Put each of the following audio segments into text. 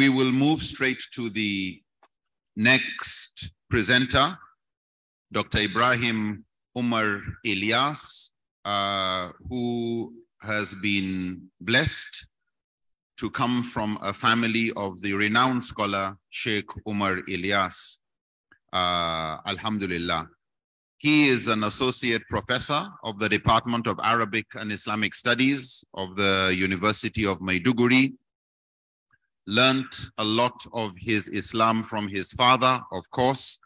we will move straight to the next presenter, Dr. Ibrahim Umar Elias, uh, who has been blessed to come from a family of the renowned scholar Sheikh Umar Elias. Uh, Alhamdulillah. He is an associate professor of the Department of Arabic and Islamic Studies of the University of Maiduguri learned a lot of his Islam from his father, of course,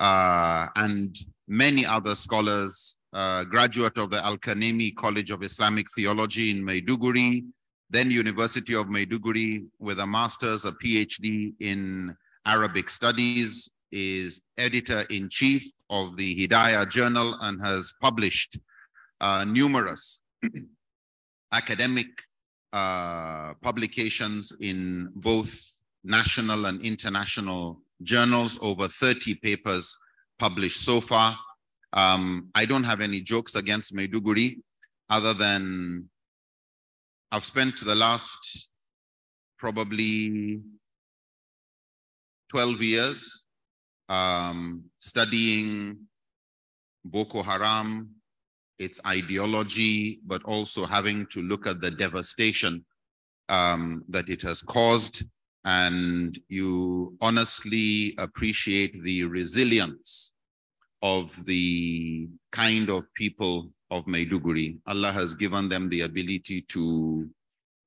uh, and many other scholars, uh, graduate of the Al-Kanemi College of Islamic Theology in Maiduguri, then University of Maiduguri with a master's, a PhD in Arabic studies, is editor-in-chief of the Hidayah Journal and has published uh, numerous academic uh, publications in both national and international journals, over 30 papers published so far. Um, I don't have any jokes against Maiduguri other than I've spent the last probably 12 years um, studying Boko Haram, its ideology, but also having to look at the devastation um, that it has caused. And you honestly appreciate the resilience of the kind of people of Maiduguri. Allah has given them the ability to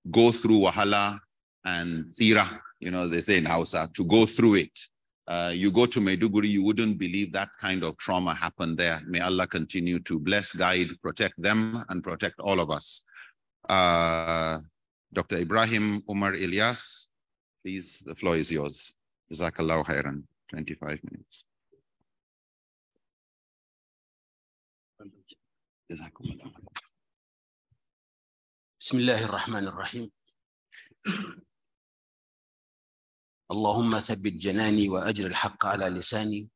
go through Wahala and Tira, you know, they say in Hausa, to go through it uh, you go to Maiduguri, you wouldn't believe that kind of trauma happened there. May Allah continue to bless, guide, protect them, and protect all of us. Uh, Dr. Ibrahim Umar Ilyas, please, the floor is yours. Jazakallah khairan, 25 minutes. بسم الله الرحمن الرحيم اللهم ثبت جناني وأجر الحق على لساني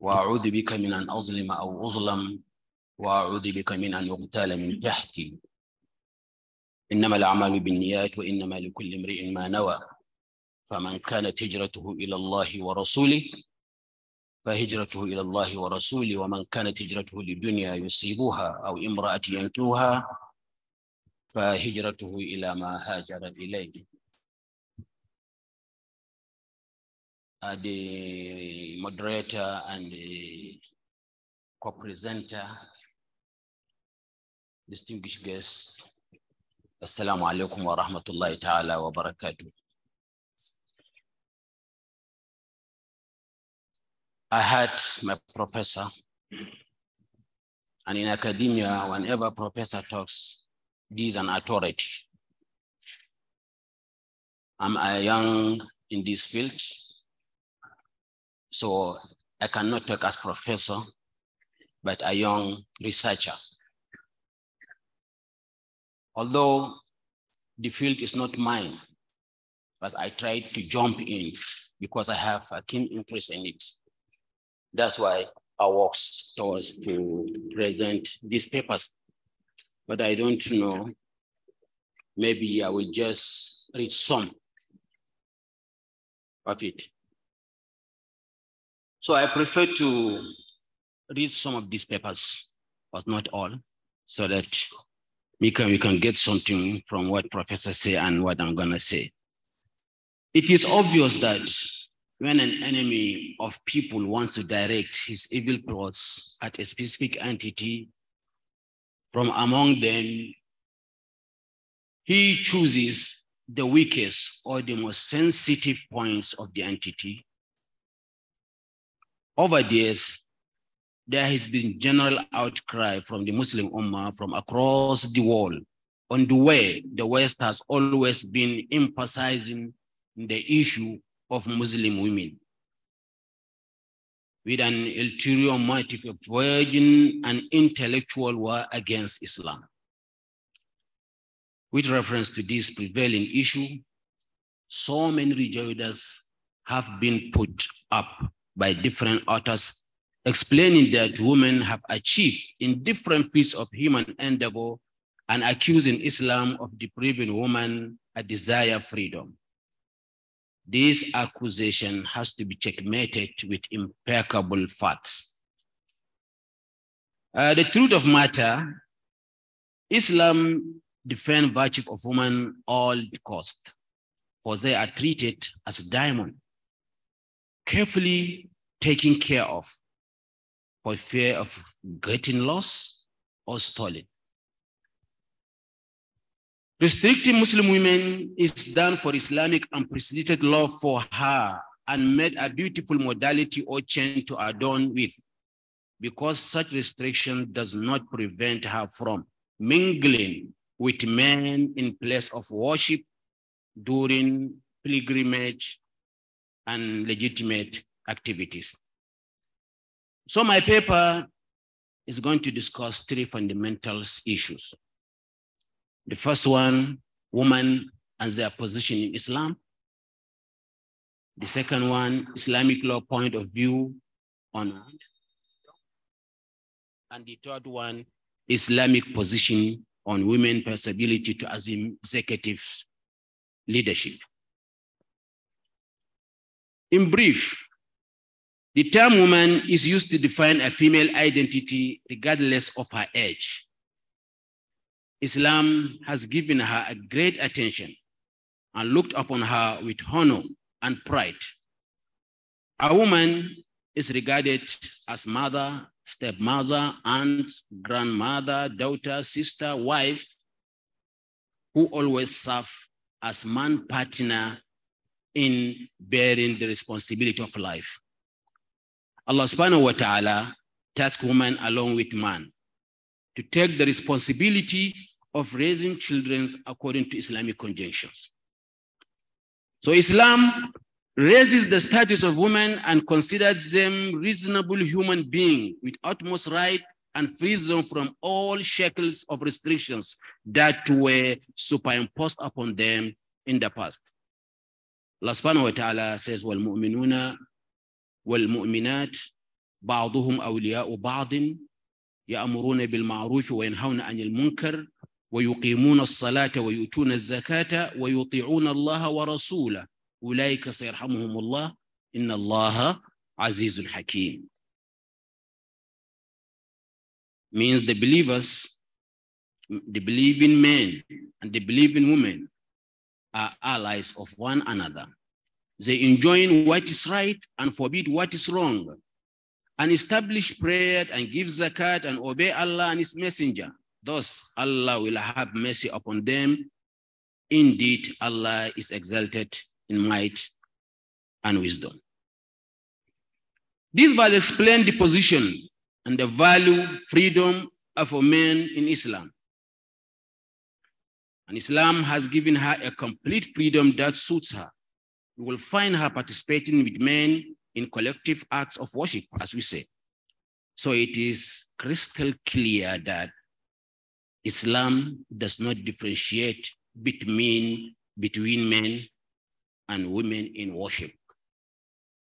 وأعوذ بك من أن أظلم أو أظلم وأعوذ بك من أن أغتال من تحتي إنما الأعمال بالنيات وإنما لكل امرئ ما نوى فمن كانت هجرته إلى الله ورسوله فهجرته إلى الله ورسوله ومن كانت هجرته لدنيا يصيبها أو امرأة ينتوها فهجرته إلى ما هاجر إليه uh, the moderator and the co-presenter, distinguished guests. Assalamu alaikum wa rahmatullahi ta'ala wa barakatuh. I had my professor, and in academia, whenever professor talks, he's an authority. I'm a young in this field, so I cannot talk as professor, but a young researcher. Although the field is not mine, but I tried to jump in because I have a keen interest in it. That's why I worked towards to present these papers. But I don't know, maybe I will just read some of it. So I prefer to read some of these papers, but not all, so that we can, we can get something from what professors say and what I'm gonna say. It is obvious that when an enemy of people wants to direct his evil plots at a specific entity from among them, he chooses the weakest or the most sensitive points of the entity over the years, there has been general outcry from the Muslim Ummah from across the world. On the way, the West has always been emphasizing the issue of Muslim women with an ulterior motive of waging an intellectual war against Islam. With reference to this prevailing issue, so many rejoinders have been put up by different authors, explaining that women have achieved in different fields of human endeavor and accusing Islam of depriving women a desire freedom. This accusation has to be checkmated with impeccable facts. Uh, the truth of matter, Islam defend virtue of women all cost, for they are treated as diamond carefully taken care of for fear of getting lost or stolen. Restricting Muslim women is done for Islamic unprecedented love for her and made a beautiful modality or chain to adorn with, because such restriction does not prevent her from mingling with men in place of worship during pilgrimage and legitimate activities. So my paper is going to discuss three fundamental issues. The first one, women and their position in Islam. The second one, Islamic law point of view on land. And the third one, Islamic position on women possibility to assume executive leadership. In brief, the term woman is used to define a female identity regardless of her age. Islam has given her a great attention and looked upon her with honor and pride. A woman is regarded as mother, stepmother, aunt, grandmother, daughter, sister, wife, who always serve as man partner in bearing the responsibility of life. Allah subhanahu wa ta'ala tasked woman along with man to take the responsibility of raising children according to Islamic conjunctions. So Islam raises the status of women and considers them reasonable human beings with utmost right and frees them from all shackles of restrictions that were superimposed upon them in the past. Allah subhanahu wa ta'ala says, وَالْمُؤْمِنُونَ وَالْمُؤْمِنَاتِ بَعْضُهُمْ أَوْلِيَاءُ بَعْضٍ يأمرون بالمعروف وينهون عن المنكر ويقيمون الصلاة ويؤتون الزكاة ويطيعون الله ورسوله أولئك سيرحمهم الله إن الله عزيز حكيم means the believers the believing men and the believing women are allies of one another. They enjoin what is right and forbid what is wrong, and establish prayer and give zakat and obey Allah and His Messenger. Thus, Allah will have mercy upon them. Indeed, Allah is exalted in might and wisdom. This verse explains the position and the value, freedom of a man in Islam. And Islam has given her a complete freedom that suits her. You will find her participating with men in collective acts of worship, as we say. So it is crystal clear that Islam does not differentiate between, between men and women in worship,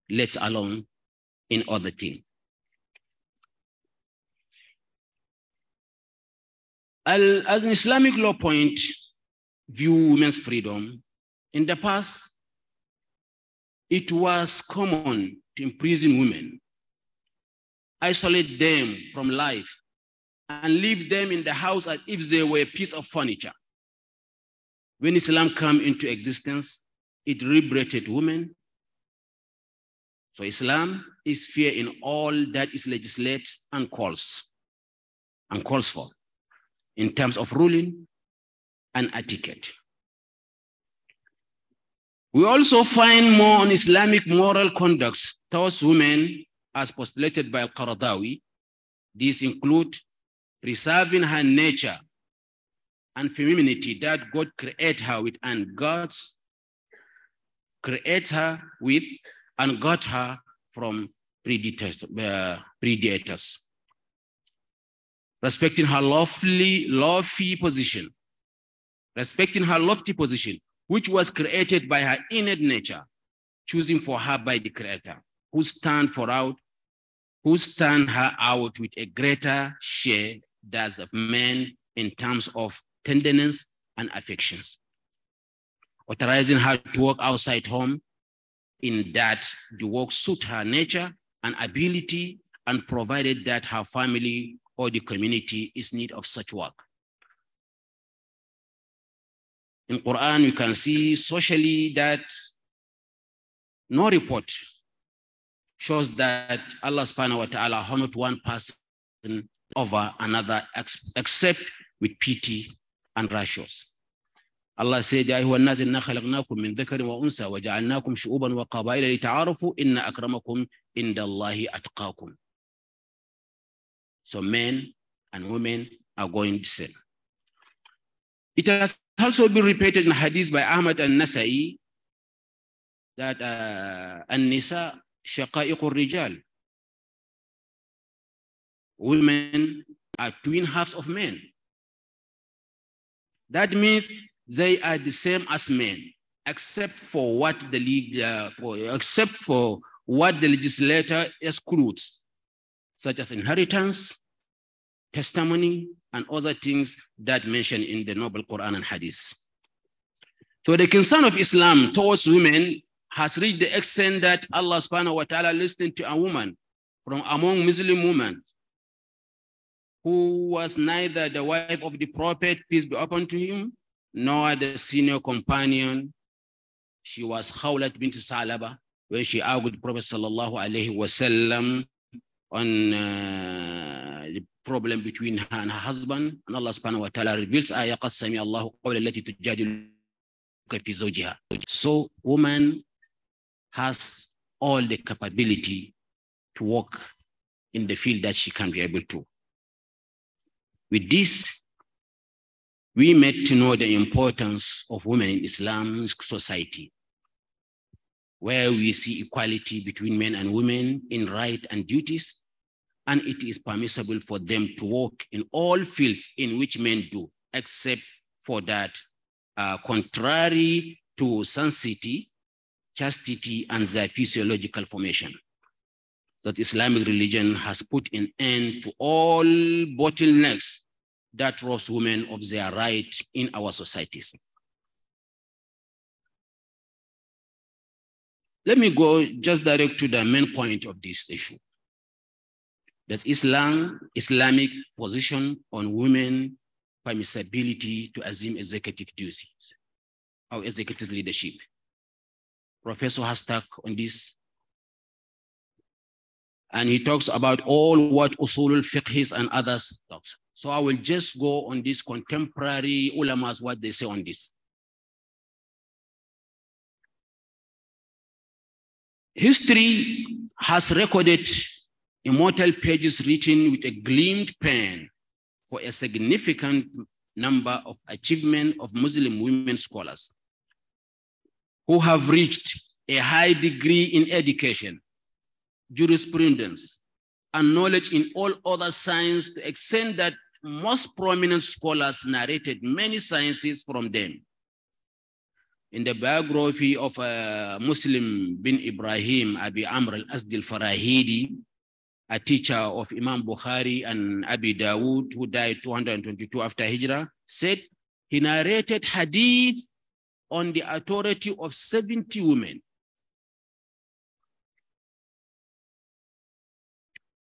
let alone in other things. As an Islamic law point, view women's freedom, in the past, it was common to imprison women, isolate them from life, and leave them in the house as if they were a piece of furniture. When Islam came into existence, it liberated women. So Islam is fair in all that is legislated and calls and calls for in terms of ruling, and etiquette. We also find more on Islamic moral conducts towards women as postulated by Al-Qaradawi. These include preserving her nature and femininity that God created her with and God's create her with and got her from predators, uh, predators. Respecting her lawfully, lawful position respecting her lofty position, which was created by her innate nature, choosing for her by the Creator, who stand for out, who stand her out with a greater share does of men in terms of tenderness and affections, authorizing her to work outside home in that the work suit her nature and ability and provided that her family or the community is need of such work in Quran, you can see socially that no report shows that Allah subhanahu wa ta'ala honored one person over another except with pity and righteousness. Allah said, يا أيها الناس إنا wa من ذكر وأنثى وجعلناكم شعوبا وقبائل لتعارفوا inna akramakum عند الله atqakum." So men and women are going the same. It has also been repeated in hadith by Ahmad and Nasai that uh, An-Nisa shaqa'iqur rijal. Women are twin halves of men. That means they are the same as men, except for what the uh, for, except for what the legislator excludes, such as inheritance, testimony, and other things that mentioned in the Noble Quran and Hadith. So the concern of Islam towards women has reached the extent that Allah subhanahu wa ta'ala listened to a woman from among Muslim women who was neither the wife of the prophet, peace be upon to him, nor the senior companion. She was Khawlat bint Salaba when she argued Prophet sallallahu alayhi wasallam on uh, the problem between her and her husband, and Allah subhanahu wa ta'ala reveals ayah قَدْ سَمِيَ اللَّهُ قَوْلَ الَّتِي تُجَادِلُكَ زَوْجِهَا So woman has all the capability to work in the field that she can be able to. With this, we met to know the importance of women in Islamic society, where we see equality between men and women in right and duties, and it is permissible for them to walk in all fields in which men do, except for that uh, contrary to sanctity, chastity, and their physiological formation. That Islamic religion has put an end to all bottlenecks that robs women of their right in our societies. Let me go just direct to the main point of this issue. Does Islam, Islamic position on women permissibility to assume executive duties or executive leadership? Professor has talked on this. And he talks about all what Usulul Fiqhis and others talks. So I will just go on this contemporary ulamas, what they say on this. History has recorded immortal pages written with a gleamed pen for a significant number of achievement of Muslim women scholars who have reached a high degree in education, jurisprudence, and knowledge in all other sciences to extend that most prominent scholars narrated many sciences from them. In the biography of uh, Muslim bin Ibrahim Abi Amr al-Asd farahidi a teacher of Imam Bukhari and Abi Dawood, who died 222 after Hijrah, said he narrated hadith on the authority of 70 women.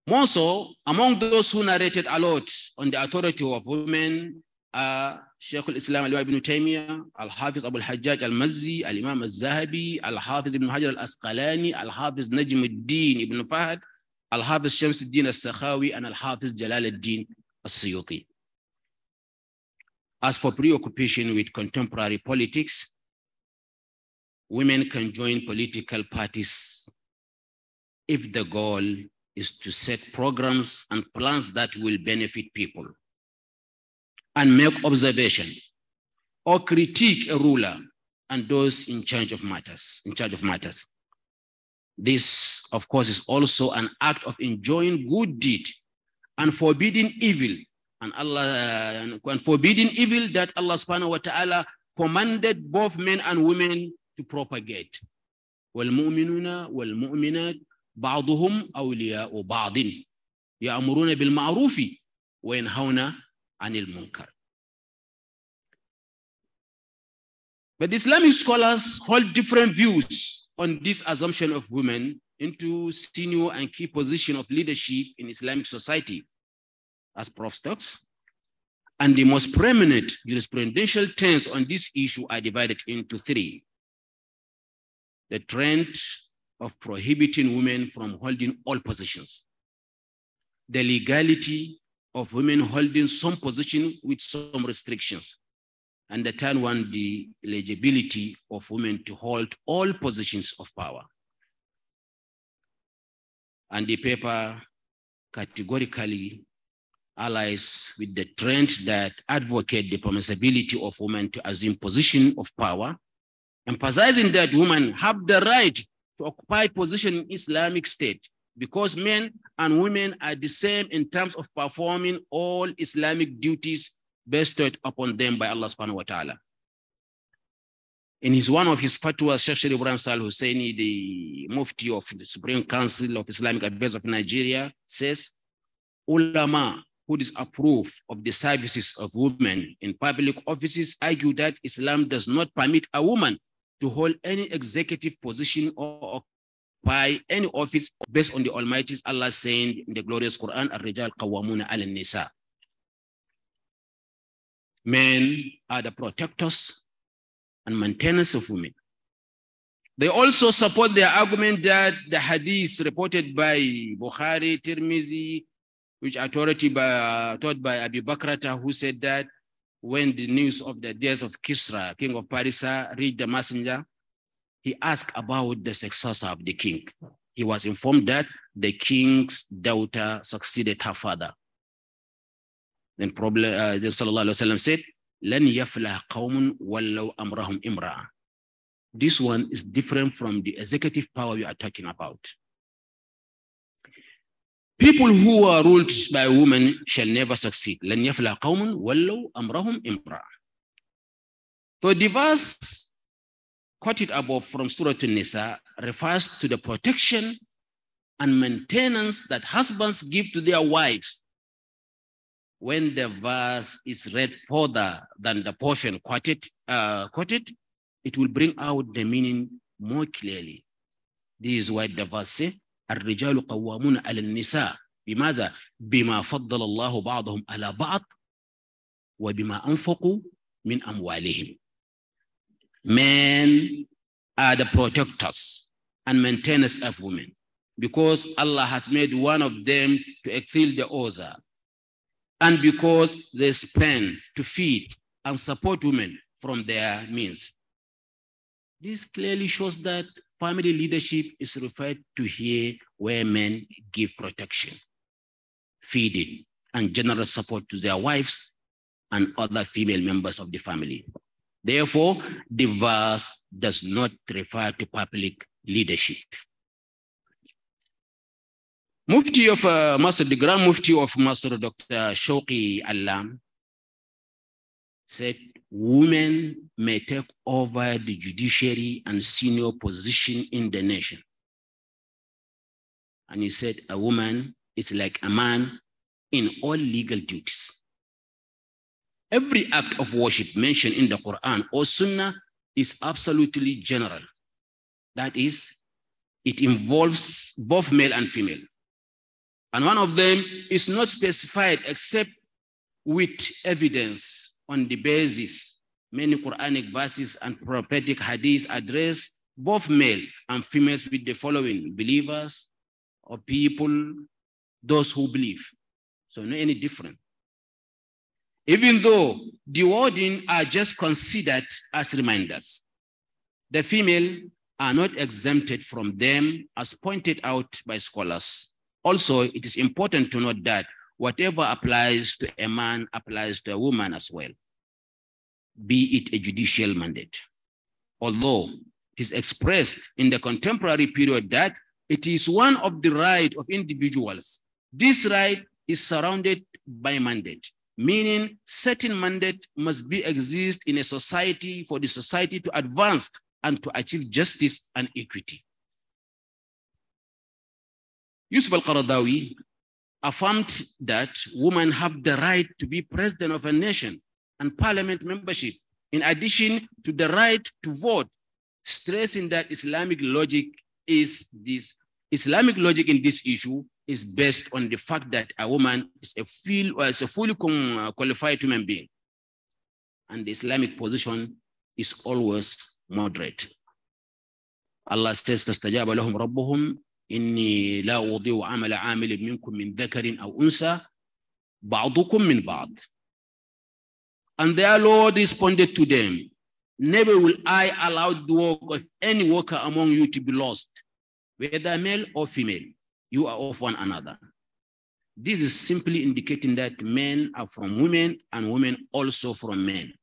More so, among those who narrated a lot on the authority of women are Sheikh al-Islam al ibn Taymiyyah, Al-Hafiz Abu al-Hajjaj al-Mazzi, Al-Imam al-Zahabi, Al-Hafiz ibn Hajar al-Asqalani, Al-Hafiz Najm al-Din ibn Fahd. Al-Hafiz Shamsuddin al-Sakhawi and Al-Hafiz Jalaluddin al-Suyuti. As for preoccupation with contemporary politics, women can join political parties if the goal is to set programs and plans that will benefit people and make observation or critique a ruler and those in charge of matters, in charge of matters. This, of course, is also an act of enjoying good deed and forbidding evil. And Allah uh, and forbidding evil that Allah subhanahu wa ta'ala commanded both men and women to propagate. والمؤمنون والمؤمنات بعضهم أولياء بعض يأمرون بالمعروف وينهون عن المنكر. But Islamic scholars hold different views on this assumption of women into senior and key position of leadership in Islamic society, as Prof. Stokes. And the most prominent jurisprudential trends on this issue are divided into three. The trend of prohibiting women from holding all positions, the legality of women holding some position with some restrictions, Understand one, the eligibility of women to hold all positions of power. And the paper categorically allies with the trend that advocate the permissibility of women to assume position of power, emphasizing that women have the right to occupy position in Islamic State because men and women are the same in terms of performing all Islamic duties bestowed upon them by Allah subhanahu wa ta'ala. In his one of his fatwas, Sheikh Ibrahim Sal Husseini, the Mufti of the Supreme Council of Islamic Affairs of Nigeria, says, Ulama who disapprove of the services of women in public offices argue that Islam does not permit a woman to hold any executive position or occupy any office based on the Almighty's Allah saying in the glorious Quran, Al-Rijal Qawwamuna al-Nisa. Men are the protectors and maintainers of women. They also support their argument that the hadith reported by Bukhari, Tirmizi, which authority by, uh, taught by Abu Bakrata, who said that when the news of the death of Kisra, king of Parisa, reached the messenger, he asked about the successor of the king. He was informed that the king's daughter succeeded her father. Then probably uh, Sallallahu said, لَنْ يَفْلَهْ قَوْمٌ وَلَّوْ أَمْرَهُم This one is different from the executive power you are talking about. People who are ruled by women shall never succeed. لَنْ يَفْلَهْ قَوْمٌ وَلَّوْ أَمْرَهُمْ إِمْرَأً So the verse quoted above from Surah An-Nisa refers to the protection and maintenance that husbands give to their wives when the verse is read further than the portion quoted, uh, quoted, it will bring out the meaning more clearly. This is why the verse الرجال قوامون على النساء بماذا؟ بما فضل الله بعضهم على بعض وبما أنفقوا من أموالهم. Men are the protectors and maintainers of women because Allah has made one of them to excel the other and because they spend to feed and support women from their means. This clearly shows that family leadership is referred to here where men give protection, feeding, and general support to their wives and other female members of the family. Therefore, the verse does not refer to public leadership. Mufti of uh, Masr, the Grand Mufti of Masr, Dr. Shoki Alam, said women may take over the judiciary and senior position in the nation. And he said a woman is like a man in all legal duties. Every act of worship mentioned in the Quran or Sunnah is absolutely general. That is, it involves both male and female. And one of them is not specified except with evidence on the basis. Many Quranic verses and prophetic hadiths address both male and females with the following believers or people, those who believe. So, not any different. Even though the wording are just considered as reminders, the female are not exempted from them as pointed out by scholars. Also, it is important to note that whatever applies to a man applies to a woman as well, be it a judicial mandate. Although it is expressed in the contemporary period that it is one of the rights of individuals. This right is surrounded by mandate, meaning certain mandate must be exist in a society for the society to advance and to achieve justice and equity. Yusuf al-Qaradawi affirmed that women have the right to be president of a nation and parliament membership, in addition to the right to vote, stressing that Islamic logic is this Islamic logic in this issue is based on the fact that a woman is a, feel, uh, is a fully uh, qualified human being. And the Islamic position is always moderate. Allah says, إني لا أضيع عمل عامل منكم من ذكر أو أنثى بعضكم من بعض And their Lord responded to them, Never will I allow the work of any worker among you to be lost, whether male or female. You are of one another. This is simply indicating that men are from women and women also from men.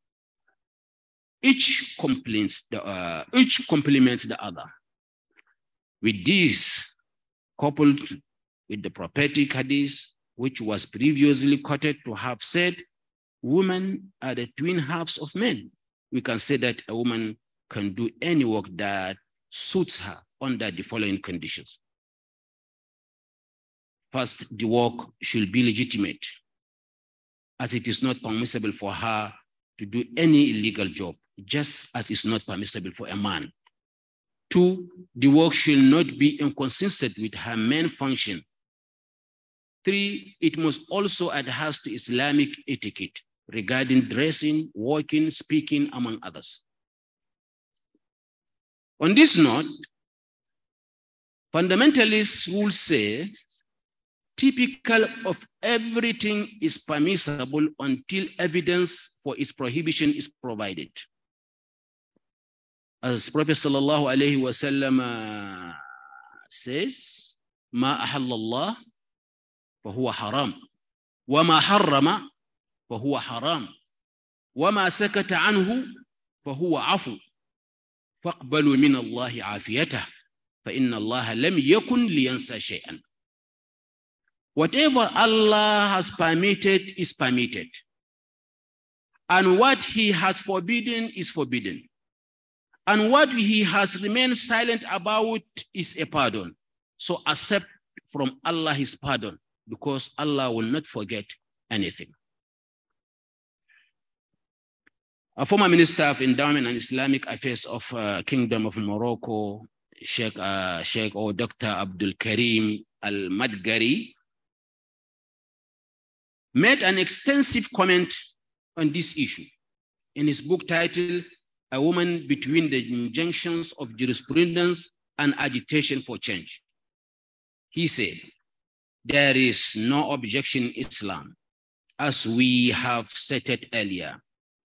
Each complements the, uh, each complements the other. With this, coupled with the prophetic hadith, which was previously quoted to have said, women are the twin halves of men. We can say that a woman can do any work that suits her under the following conditions. First, the work should be legitimate, as it is not permissible for her to do any illegal job, just as it's not permissible for a man Two, the work should not be inconsistent with her main function. Three, it must also adhere to Islamic etiquette regarding dressing, walking, speaking, among others. On this note, fundamentalists will say typical of everything is permissible until evidence for its prohibition is provided. As Prophet sallallahu alaihi wasallam uh, says, "Ma ahallallah, fahuwa haram, wa ma harrama, fahuwa haram, wa ma sakata anhu, fahuwa afu, faqbalu min Allah afiyatah, fa inna Allah lam yakun liyansa shay'an." Whatever Allah has permitted is permitted, and what He has forbidden is forbidden. And what he has remained silent about is a pardon. So accept from Allah his pardon because Allah will not forget anything. A former minister of endowment and Islamic affairs of uh, Kingdom of Morocco, Sheikh, uh, Sheikh or Dr. Abdul Karim Al-Madgari, made an extensive comment on this issue in his book titled a woman between the injunctions of jurisprudence and agitation for change. He said, There is no objection in Islam, as we have stated earlier,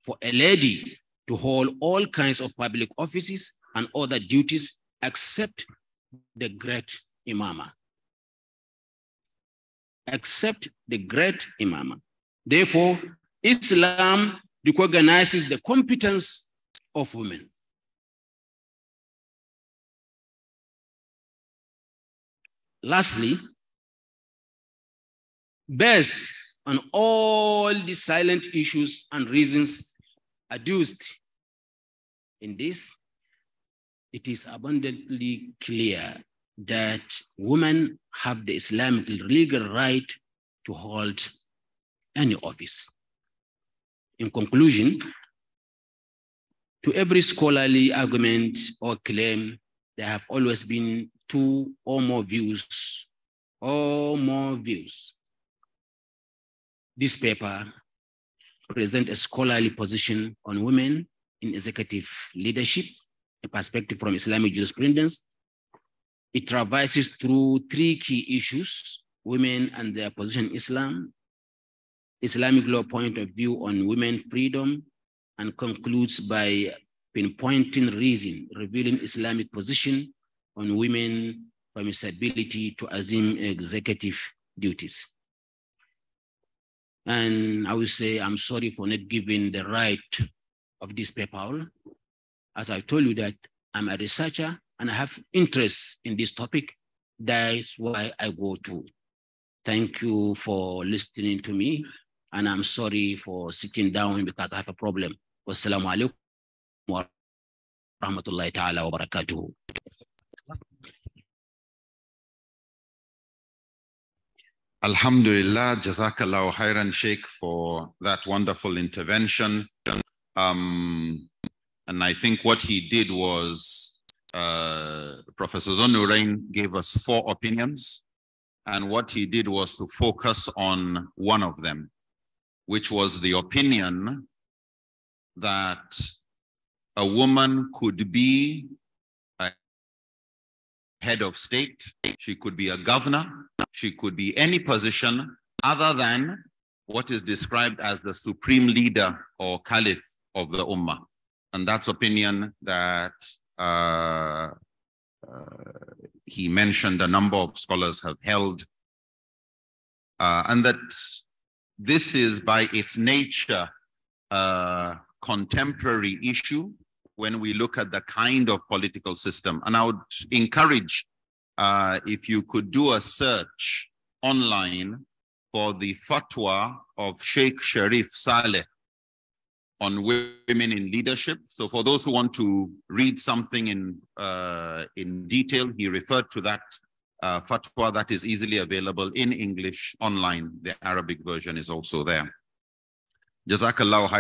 for a lady to hold all kinds of public offices and other duties except the great imama. Except the great imama. Therefore, Islam recognizes the competence of women. Lastly, based on all the silent issues and reasons adduced in this, it is abundantly clear that women have the Islamic legal right to hold any office. In conclusion, to every scholarly argument or claim, there have always been two or more views, or more views. This paper presents a scholarly position on women in executive leadership, a perspective from Islamic jurisprudence. It traverses through three key issues, women and their position in Islam, Islamic law point of view on women freedom and concludes by pinpointing reason, revealing Islamic position on women permissibility to assume executive duties. And I will say, I'm sorry for not giving the right of this paper. As I told you that I'm a researcher and I have interest in this topic. That's why I go to. Thank you for listening to me. And I'm sorry for sitting down because I have a problem wassalamu alaikum wa rahmatullahi wa Alhamdulillah, Jazakallah khairan, Sheikh, for that wonderful intervention. Um, and I think what he did was uh, Professor Zonurain gave us four opinions. And what he did was to focus on one of them, which was the opinion that a woman could be a head of state, she could be a governor, she could be any position other than what is described as the supreme leader or caliph of the ummah. And that's opinion that uh, uh, he mentioned a number of scholars have held, uh, and that this is by its nature uh, contemporary issue when we look at the kind of political system. And I would encourage uh, if you could do a search online for the fatwa of Sheikh Sharif Saleh on women in leadership. So for those who want to read something in, uh, in detail, he referred to that uh, fatwa that is easily available in English online. The Arabic version is also there. Jazakallah